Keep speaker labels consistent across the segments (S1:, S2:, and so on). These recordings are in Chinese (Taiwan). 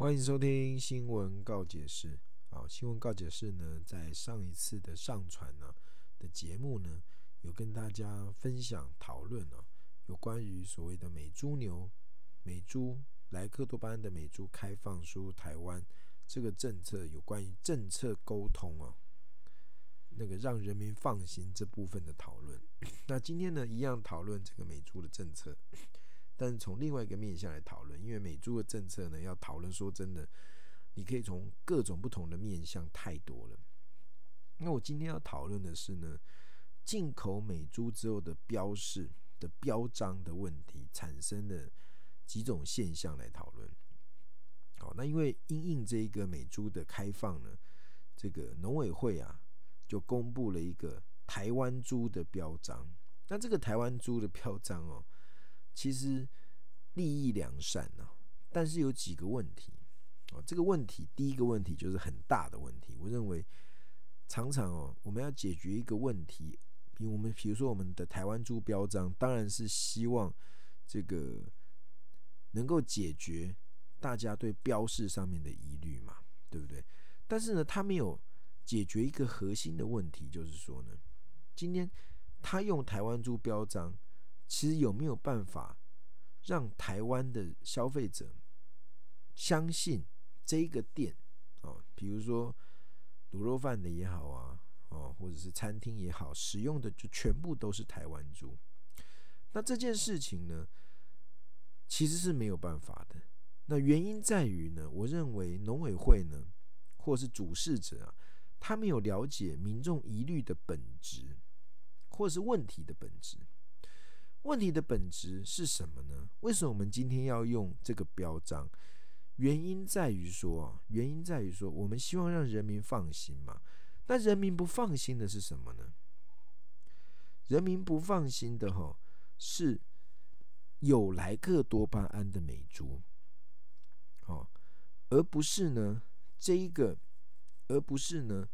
S1: 歡迎收聽新聞告解室。啊，新聞告解室呢，在上一次的上傳呢、啊、的節目呢，有跟大家分享討論啊，有關於所謂的美豬牛、美豬萊克多巴胺的美豬開放輸入台灣這個政策，有關於政策溝通啊，那個讓人民放心這部分的討論。 那今天呢，一樣討論這個美豬的政策。但是從另外一個面向來討論，因為美豬的政策呢，要討論說真的，你可以從各種不同的面向太多了。那我今天要討論的是呢，進口美豬之後的標示的標章的問題產生了幾種現象來討論。好，那因為因應這一個美豬的開放呢，這個農委會啊就公布了一個台灣豬的標章。那這個台灣豬的標章哦。其實利益良善吶、啊，但是有幾個問題啊、哦。這個問題，第一個問題就是很大的問題。我認為常常哦，我們要解決一個問題，比我們比如說我們的台灣豬標章，當然是希望這個能夠解決大家對標示上面的疑慮嘛，對不對？但是呢，他沒有解決一個核心的問題，就是說呢，今天他用台灣豬標章。其實有沒有辦法讓台灣的消費者相信這一個店啊，哦，比如說滷肉飯的也好啊，哦，或者是餐廳也好，使用的就全部都是台灣豬？那這件事情呢，其實是沒有辦法的。那原因在於呢，我認為農委會呢，或是主事者啊，他沒有了解民眾疑慮的本質，或是問題的本質。問題的本質是什麼呢？為什麼我們今天要用這個標章？原因在於說，原因在於說，我們希望讓人民放心嘛。那人民不放心的是什麼呢？人民不放心的吼是有萊克多巴胺的美豬哦，而不是呢這一個，而不是呢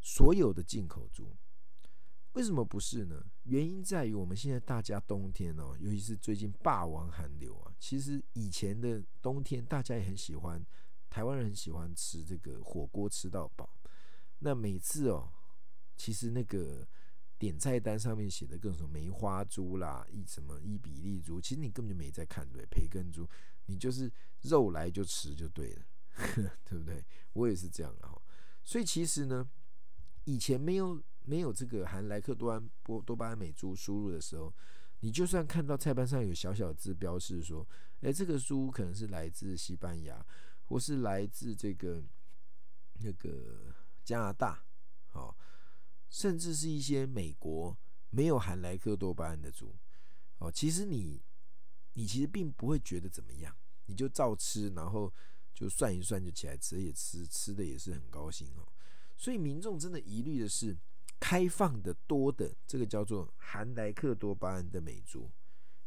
S1: 所有的進口豬。為什麼不是呢？原因在於我們現在大家冬天哦，尤其是最近霸王寒流啊，其實以前的冬天大家也很喜歡，台灣人很喜歡吃這個火鍋吃到飽。那每次哦，其實那個點菜單上面寫的各種梅花豬啦，一什麼伊比利豬，其實你根本就沒在看對對？培根豬，你就是肉來就吃就對了，呵呵，對不對？我也是這樣的哈。所以其實呢，以前沒有。沒有這個含萊克多安波多巴胺美豬輸入的時候，你就算看到菜單上有小小字標示說，哎，這個豬可能是來自西班牙，或是來自這個那、這個加拿大，哦，甚至是一些美國沒有含萊克多巴胺的豬，哦，其實你你其實並不會覺得怎麼樣，你就照吃，然後就涮一涮就起來吃也吃吃的也是很高興哦，所以民眾真的疑慮的是，開放的多的這個叫做含萊克多巴胺的美豬。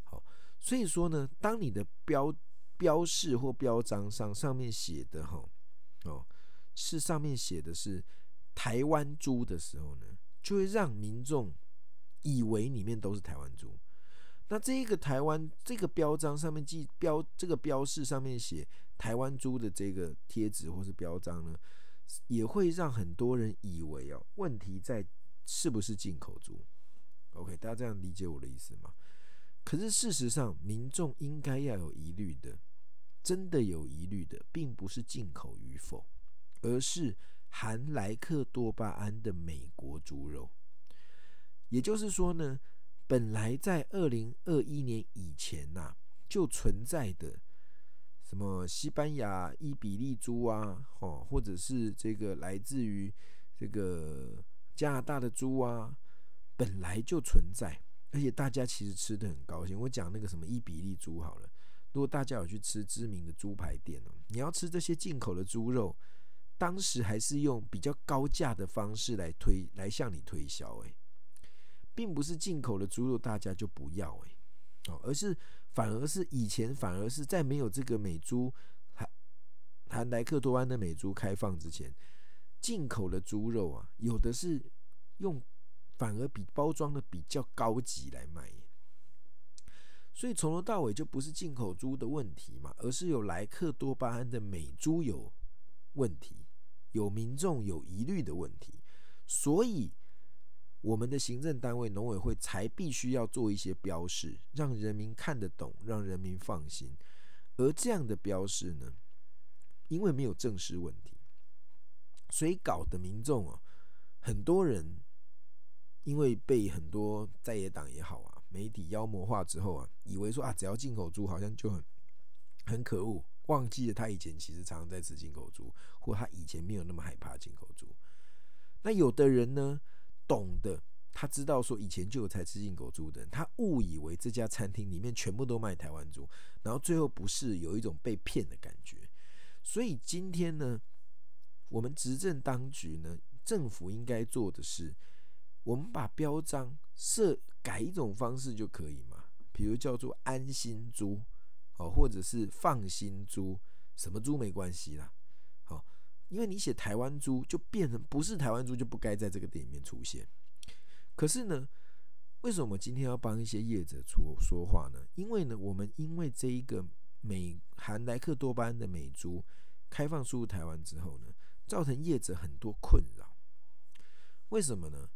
S1: 好，所以說呢，當你的標標示或標章上上面寫的哈哦，哦，是上面寫的是台灣豬的時候呢，就會讓民眾以為裡面都是台灣豬。那這個台灣這個標章上面記標這個標示上面寫台灣豬的這個貼紙或是標章呢，也會讓很多人以為哦，問題在。是不是進口豬？OK，大家這樣理解我的意思嗎？可是事實上，民眾應該要有疑慮的，真的有疑慮的，並不是進口與否，而是含萊克多巴胺的美國豬肉。也就是說呢，本來在二零二一年以前吶、啊，就存在的什麼西班牙伊比利豬啊，或者是這個來自於這個。加拿大的豬啊，本來就存在，而且大家其實吃得很高興。我講那個什麼伊比利豬好了，如果大家有去吃知名的豬排店哦，你要吃這些進口的豬肉，當時還是用比較高價的方式來推，來向你推銷誒、欸，並不是進口的豬肉大家就不要誒、欸、哦，而是反而是以前，反而是在沒有這個美豬還還萊克多安的美豬開放之前，進口的豬肉啊，有的是用，反而比包裝的比較高級來賣，所以從頭到尾就不是進口豬的問題嘛，而是有萊克多巴胺的美豬有問題，有民眾有疑慮的問題，所以我們的行政單位農委會才必須要做一些標示，讓人民看得懂，讓人民放心。而這樣的標示呢，因為沒有正式問題。所以搞的民眾啊，很多人因為被很多在野黨也好啊，媒體妖魔化之後啊，以為說啊，只要進口豬好像就很很可惡，忘記了他以前其實常常在吃進口豬，或他以前沒有那麼害怕進口豬。那有的人呢，懂得他知道說以前就有在吃進口豬的人，他誤以為這家餐廳裡面全部都賣台灣豬，然後最後不是有一種被騙的感覺。所以今天呢？我們執政當局呢，政府應該做的是，我們把標章設改一種方式就可以嘛？比如叫做安心豬，哦，或者是放心豬，什麼豬沒關係啦，好，因為你寫台灣豬就變成不是台灣豬就不該在這個店裡面出現。可是呢，為什麼我們今天要幫一些業者說說話呢？因為呢，我們因為這一個美含萊克多巴胺的美豬開放輸入台灣之後呢？造成業者很多困擾，為什麼呢？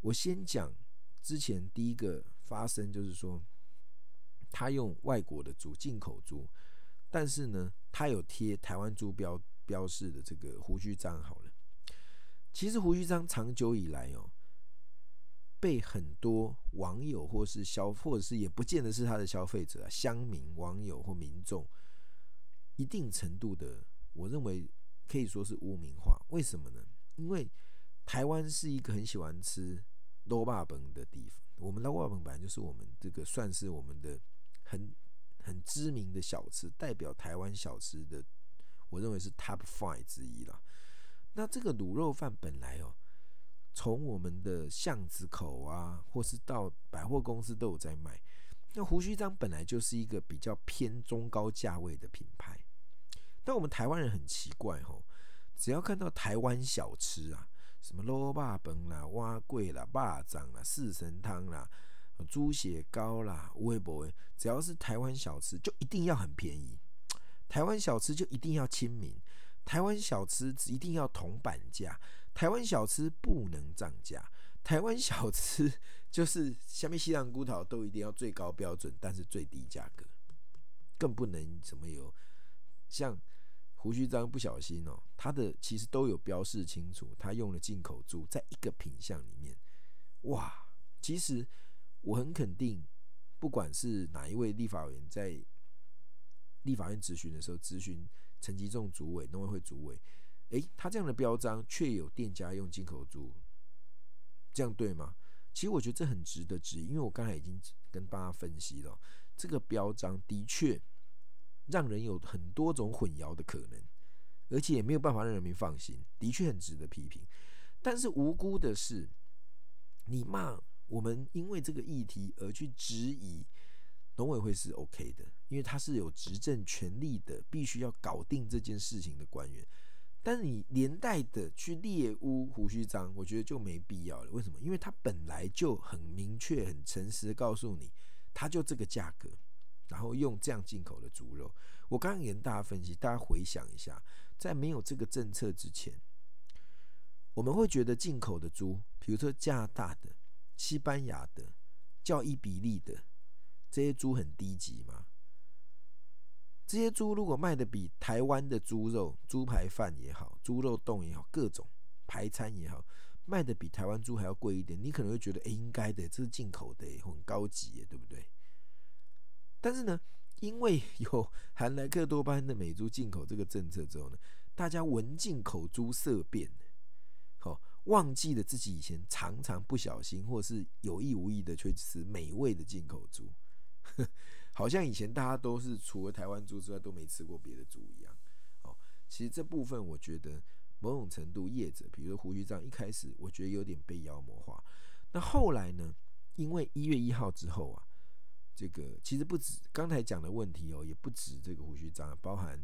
S1: 我先講之前第一個發生，就是說他用外國的豬進口豬，但是呢，他有貼台灣豬標標示的這個鬍鬚張。好了，其實鬍鬚張長久以來哦、喔，被很多網友或是消，或者是也不見得是他的消費者、鄉民、網友或民眾，一定程度的，我認為。可以說是汙名化，為什麼呢？因為台灣是一個很喜歡吃滷肉飯的地方，我們的滷肉飯本來就是我們這個算是我們的很很知名的小吃，代表台灣小吃的，我認為是 Top Five 之一了。那這個滷肉飯本來哦、喔，從我們的巷子口啊，或是到百貨公司都有在賣。那胡鬚張本來就是一個比較偏中高價位的品牌。但我們臺灣人很奇怪吼、哦，只要看到臺灣小吃啊，什麼蘿蔔崩啦、蛙貴啦、霸張啦、四神湯啦、豬血糕啦、不龜，只要是臺灣小吃，就一定要很便宜。臺灣小吃就一定要親民，臺灣小吃一定要同板價，臺灣小吃不能漲價，臺灣小吃就是下面西涼骨頭都一定要最高標準，但是最低價格，更不能什麼有像。胡鬚章不小心哦、喔，他的其實都有標示清楚，他用了進口豬，在一個品項裡面，哇，其實我很肯定，不管是哪一位立法委員在立法院質詢的時候，質詢陳吉仲主委、農委會主委，誒、欸，他這樣的標章卻有店家用進口豬，這樣對嗎？其實我覺得這很值得質疑，因為我剛才已經跟大家分析了，這個標章的確。讓人有很多種混淆的可能，而且也沒有辦法讓人民放心，的確很值得批評。但是無辜的是，你罵我們因為這個議題而去質疑農委會是 OK 的，因為他是有執政權力的，必須要搞定這件事情的官員。但是你連帶的去獵巫鬍鬚張，我覺得就沒必要了。為什麼？因為他本來就很明確、很誠實告訴你，他就這個價格。然後用這樣進口的豬肉，我剛剛也跟大家分析，大家回想一下，在沒有這個政策之前，我們會覺得進口的豬，比如說加拿大的、西班牙的、叫伊比利的這些豬很低級嗎？這些豬如果賣的比台灣的豬肉、豬排飯也好、豬肉丼也好、各種排餐也好，賣的比台灣豬還要貴一點，你可能會覺得誒，應該的，這是進口的，很高級，對不對？但是呢，因為有含萊克多巴胺的美豬進口這個政策之後呢，大家聞進口豬色變，好，哦，忘記了自己以前常常不小心或是有意無意的去吃美味的進口豬， 好像以前大家都是除了台灣豬之外都沒吃過別的豬一樣。哦，其實這部分我覺得某種程度業者，比如說胡鬚張，一開始我覺得有點被妖魔化，那後來呢，因為一月一號之後啊。這個其實不止剛才講的問題哦，也不止這個鬍鬚張，包含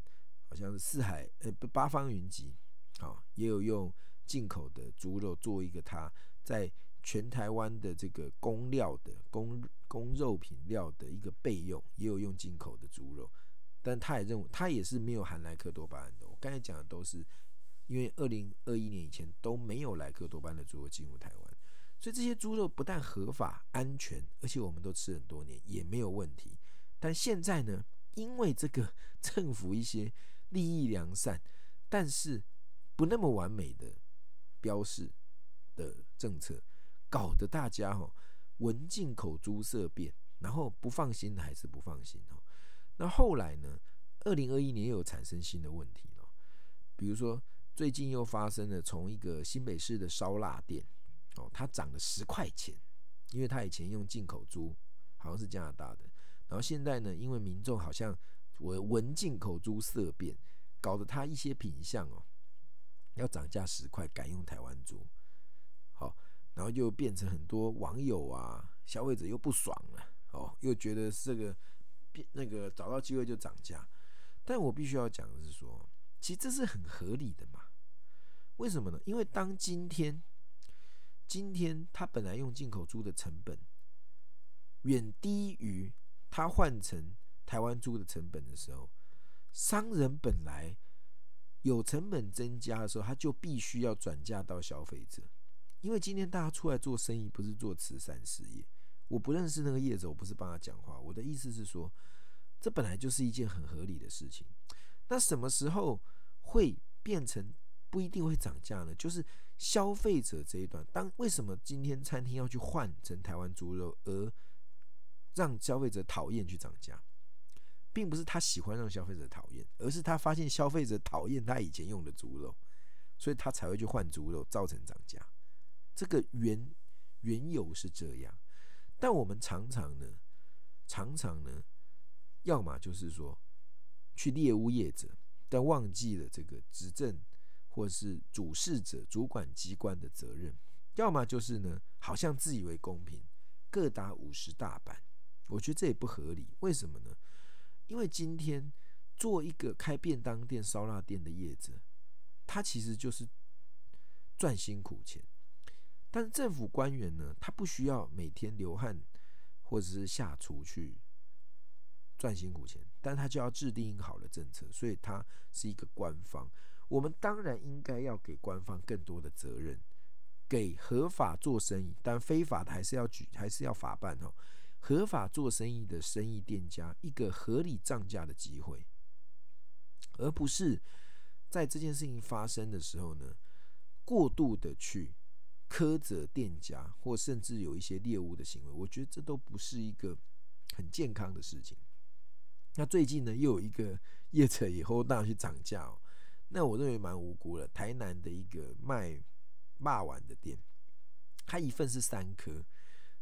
S1: 好像是四海，呃不、欸、八方雲集，啊、哦，也有用進口的豬肉做一個他在全台灣的這個供料、的供供，供肉品料的一個備用，也有用進口的豬肉，但他也認為他也是沒有含萊克多巴胺的。我剛才講的都是因為二零二一年以前都沒有萊克多巴胺的豬肉進入台灣。所以這些豬肉不但合法、安全，而且我們都吃很多年也沒有問題。但現在呢，因為這個政府一些立意良善，但是不那麼完美的標示的政策，搞得大家哈，聞進口豬色變，然後不放心還是不放心哈、喔。那後來呢，二零二一年又有產生新的問題了、喔，比如說最近又發生了從一個新北市的燒臘店。哦，它漲了十塊錢，因為它以前用進口豬，好像是加拿大的，然後現在呢，因為民眾好像聞聞進口豬色變，搞得它一些品相哦要漲價十塊，改用台灣豬，好、哦，然後就變成很多網友啊，消費者又不爽了，哦，又覺得是這個變那個找到機會就漲價，但我必須要講的是說，其實這是很合理的嘛，為什麼呢？因為當今天，今天他本來用進口豬的成本，遠低於他換成台灣豬的成本的時候，商人本來有成本增加的時候，他就必須要轉嫁到消費者。因為今天大家出來做生意不是做慈善事業，我不認識那個業者，我不是幫他講話，我的意思是說，這本來就是一件很合理的事情。那什麼時候會變成不一定會漲價呢？就是。消費者這一段，當為什麼今天餐廳要去換成台灣豬肉，而讓消費者討厭去漲價，並不是他喜歡讓消費者討厭，而是他發現消費者討厭他以前用的豬肉，所以他才會去換豬肉，造成漲價。這個原原由是這樣，但我們常常呢，常常呢，要麼就是說去獵巫業者，但忘記了這個執政。或是主事者、主管機關的責任，要麼就是呢，好像自以為公平，各打五十大板。我覺得這也不合理，為什麼呢？因為今天做一個開便當店、燒臘店的業者，他其實就是賺辛苦錢；但是政府官員呢，他不需要每天流汗或者是下廚去賺辛苦錢，但他就要制定一個好的政策，所以他是一個官方。我們當然應該要給官方更多的責任，給合法做生意，但非法的還是要舉還是要法辦哦。合法做生意的生意店家一個合理漲價的機會，而不是在這件事情發生的時候呢，過度的去苛責店家，或甚至有一些獵巫的行為，我覺得這都不是一個很健康的事情。那最近呢，又有一個業者以後大家去漲價哦。那我認為蠻無辜的。台南的一個賣肉丸的店，它一份是三顆，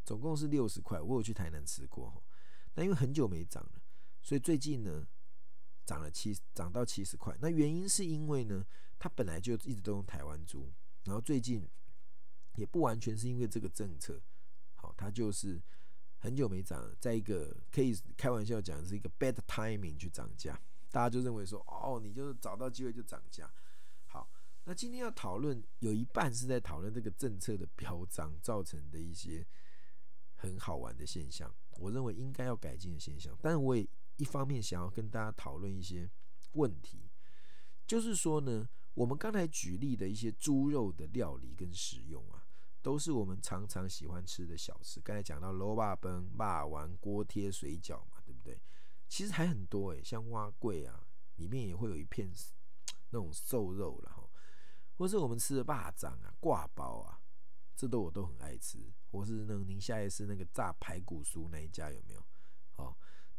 S1: 總共是六十塊。我有去台南吃過哈。但因為很久沒漲了，所以最近呢漲了七漲到七十塊。那原因是因為呢，它本來就一直都用台灣豬，然後最近也不完全是因為這個政策。好，它就是很久沒漲了，在一個可以開玩笑講是一個 bad timing 去漲價。大家就認為說，哦，你就是找到機會就漲價。好，那今天要討論有一半是在討論這個政策的飆漲造成的一些很好玩的現象，我認為應該要改進的現象。但是我也一方面想要跟大家討論一些問題，就是說呢，我們剛才舉例的一些豬肉的料理跟食用啊，都是我們常常喜歡吃的小吃。剛才講到滷肉飯、肉丸、鍋貼、水餃嘛，對不對？其實還很多哎、欸，像碗粿啊，裡面也會有一片那種瘦肉啦。哈，或是我們吃的肉粽啊、刈包啊，這都我都很愛吃。或是那個寧夏夜市那個炸排骨酥那一家有沒有？哦，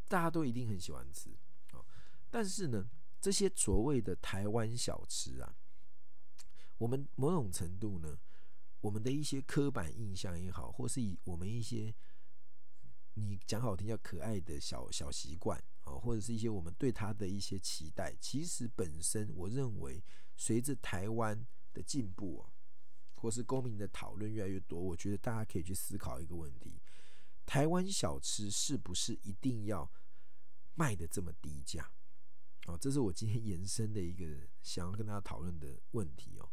S1: 大家都一定很喜歡吃。但是呢，這些所謂的台灣小吃啊，我們某種程度呢，我們的一些刻板印象也好，或是以我們一些。你講好聽叫可愛的小小習慣啊，或者是一些我們對他的一些期待。其實本身，我認為隨着台灣的進步啊，或是公民的討論越來越多，我覺得大家可以去思考一個問題：台灣小吃是不是一定要賣得這麼低價啊？這是我今天延伸的一個想要跟大家討論的問題哦。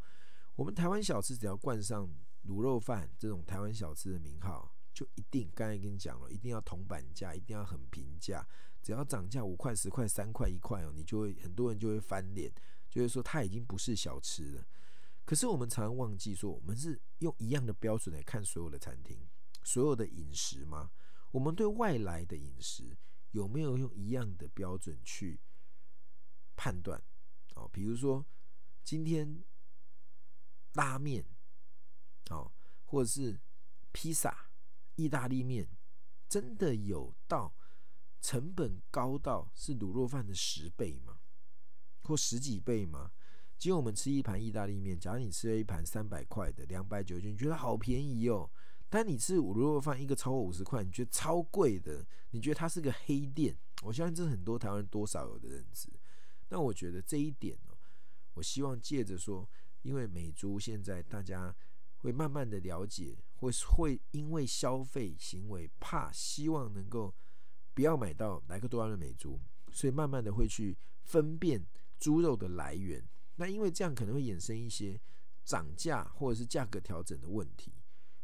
S1: 我們台灣小吃只要冠上滷肉飯這種台灣小吃的名號。就一定，剛才跟你講了，一定要銅板價，一定要很平價。只要漲價五塊、十塊、三塊、一塊哦，你就會很多人就會翻臉，就是說他已經不是小吃了。可是我們常常忘記說，我們是用一樣的標準來看所有的餐廳、所有的飲食嗎？我們對外來的飲食有沒有用一樣的標準去判斷？哦，比如說今天拉麵，哦，或者是披薩。意大利面真的有到成本高到是滷肉飯的十倍嗎？或十幾倍嗎？今天我們吃一盤意大利麵，假如你吃了一盤三百塊的兩百九十九，你覺得好便宜哦。但你吃滷肉飯一個超過五十塊，你覺得超貴的，你覺得它是個黑店。我相信這是很多台灣人多少有的認知。但我覺得這一點呢，我希望借着說，因為美豬現在大家。會慢慢的了解，會會因為消費行為怕，希望能夠不要買到萊克多巴胺的美豬，所以慢慢的會去分辨豬肉的來源。那因為這樣可能會衍生一些漲價或者是價格調整的問題。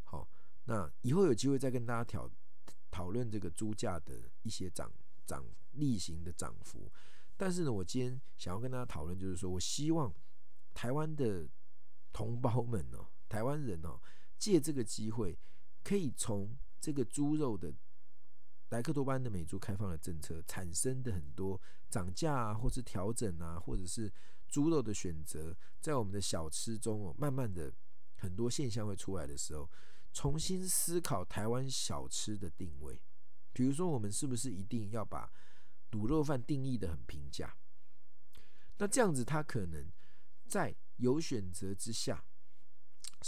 S1: 好，那以後有機會再跟大家討討論這個豬價的一些漲漲例行的漲幅。但是呢，我今天想要跟大家討論就是說，我希望台灣的同胞們呢、喔。台灣人哦，借這個機會，可以從這個豬肉的萊克多巴胺的美豬開放的政策產生的很多漲價啊，或是調整啊，或者是豬肉的選擇，在我們的小吃中哦，慢慢的很多現象會出來的時候，重新思考台灣小吃的定位。比如說，我們是不是一定要把滷肉飯定義得很平價？那這樣子，它可能在有選擇之下。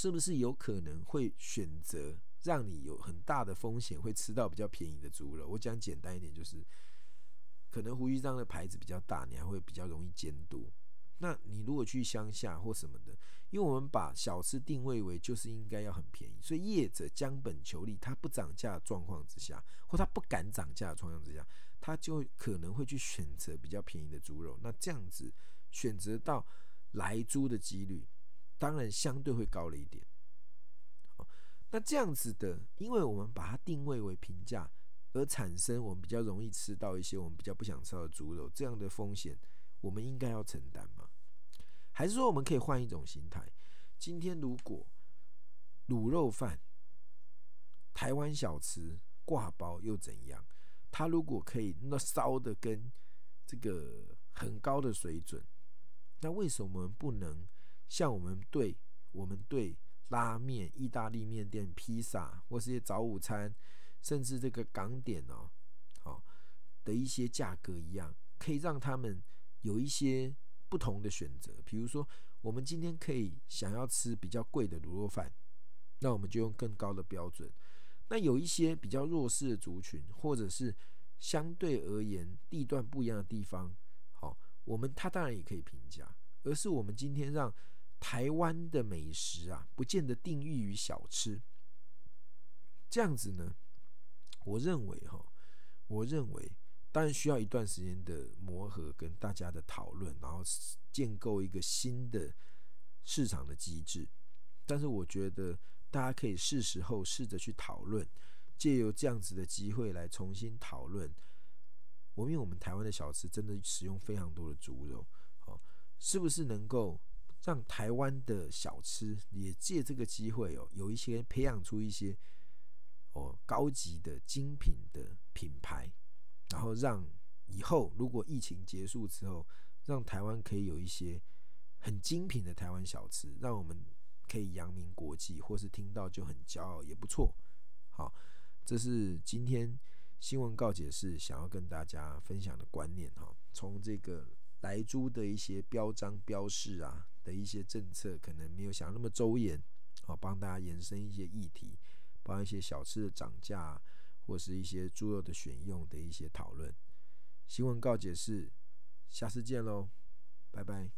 S1: 是不是有可能會選擇讓你有很大的風險，會吃到比較便宜的豬肉？我講簡單一點，就是可能鬍鬚張的牌子比較大，你還會比較容易監督。那你如果去鄉下或什麼的，因為我們把小吃定位為就是應該要很便宜，所以業者將本求利，他不漲價狀況之下，或他不敢漲價的狀況之下，他就可能會去選擇比較便宜的豬肉。那這樣子選擇到萊豬的幾率。當然，相對會高了一點。那這樣子的，因為我們把它定位為平價，而產生我們比較容易吃到一些我們比較不想吃到的豬肉這樣的風險，我們應該要承擔嗎？還是說我們可以換一種心態？今天如果滷肉飯、台灣小吃、掛包又怎樣？它如果可以那燒的跟這個很高的水準，那為什麼我們不能？像我們對，我們對拉麵、意大利麵店、披薩，或是一些早午餐，甚至這個港點哦，好、哦、的一些價格一樣，可以讓他們有一些不同的選擇。比如說，我們今天可以想要吃比較貴的滷肉飯，那我們就用更高的標準。那有一些比較弱勢的族群，或者是相對而言地段不一樣的地方，好、哦，我們他當然也可以評價，而是我們今天讓。台灣的美食啊，不見得定義於小吃。這樣子呢，我認為哈，我認為當然需要一段時間的磨合跟大家的討論，然後建構一個新的市場的機制。但是我覺得大家可以是時候試着去討論，借由這樣子的機會來重新討論。我因為我們台灣的小吃真的使用非常多的豬肉，哦，是不是能夠？讓台灣的小吃也借這個機會哦，有一些培養出一些哦高級的精品的品牌，然後讓以後如果疫情結束之後，讓台灣可以有一些很精品的台灣小吃，讓我們可以揚名國際，或是聽到就很驕傲也不錯。好，這是今天新聞告解室想要跟大家分享的觀念哈。從這個萊豬的一些標章標示啊。的一些政策可能沒有想那麼周延，啊，幫大家延伸一些議題，幫一些小吃的漲價，或是一些豬肉的選用的一些討論。新聞告解室，下次見嘍，拜拜。